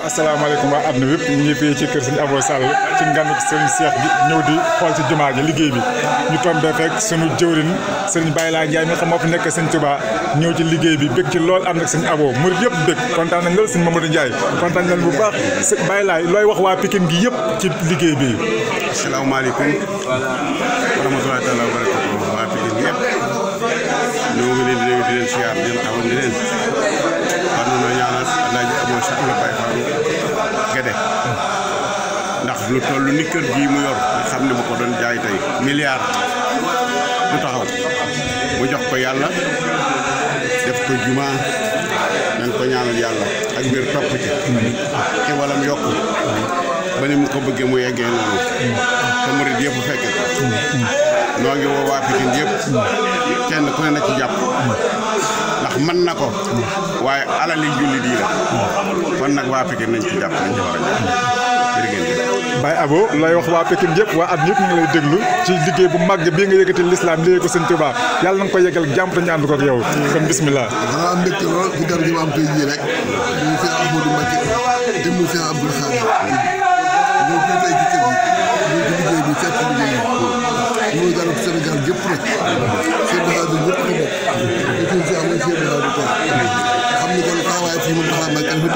asalaamaaleykum waa àdduna bépp ñu ngi fii ci kër sëñ Abo Sall ci nganuk sëñ Cheikh bi ñëw di xool ci jumaa ji liggéey bi ñu tombe fekk suñu jëwrin sëñ Baye Laa Ndiaye mi xam moo fi nekk sëñ Touba ñëw ci liggéey bi bég ci lool ànd ak sëñ Abo murit yëpp bég kontaan nañ lool sëñ Mamadou Ndiaye kontaan nañ bu baax sëñ Baye Laa looy wax waa Pikine gi yëpp ci liggéey bi asalaamaaleykum wa rahmatullahi taala wa ndax lu toll ni kër gii mu yor nga xam ne bu ko doon jaay tey milliard du taxaw mu jox ko yàlla def ko juma nañ ko ñaanal yàlla ak mbir topp ci te walam yokk ba ni mu ko bëggee mu yeggee noonu te murid yëpp fekke noo ngi woo waa Pikine yëpp kenn ku ne na ci jàpp man na ko waaye alali julli yi la kon nag waa Pikine nañ ci jàpp nañ ci war a Baye Abo lay wax waa Pekin yëpp waa at ñëpp ñu ngi lay déglu ci liggéey bu màgg bii nga yëkkati l'islam liggéey ko sëñ Touba yàlla na nga ko yëgal jàmm te ko ak yow kon bismillah xanaa mbégte lool ci dara ji ma am tey rek ñu fi Amadou Mbacke déglu fi Abdoul fi tey ci kër gi ñu liggéey bi fekk liggéey bi Sénégal rek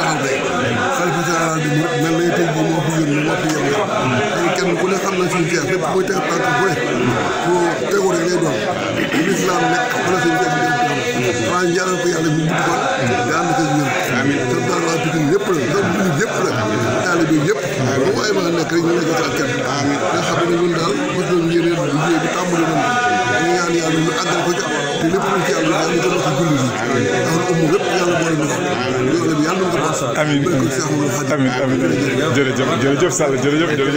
taxaw tey xalifa général bi mu mel na tey jii moo fi moo fi yëngu tey kenn ku ne xam na suñu Cees lépp booy teg tànk bu ne ku tegu rek doon lislaam nekk fa la suñu Cees bi dem jàmm waa njaaral ko yàlla ñu gudd fan yaa ngi koy wér te daal waa Pikin yëpp la doon jullit yëpp la taalibe yëpp bu waaye ma nekk rek ñu ne ñun daal mos nañu yéene liggéey bi ñaan yàlla ñu àggal ko ci te lépp luñ ci yàlla ñu doon wax julli yi ndax lu ëmb lépp yàlla boole ñu ko loolu yàlla ñu ko amiin amiin amiin jërëjëf jërëjëf Sall jërëjëf jërëjëf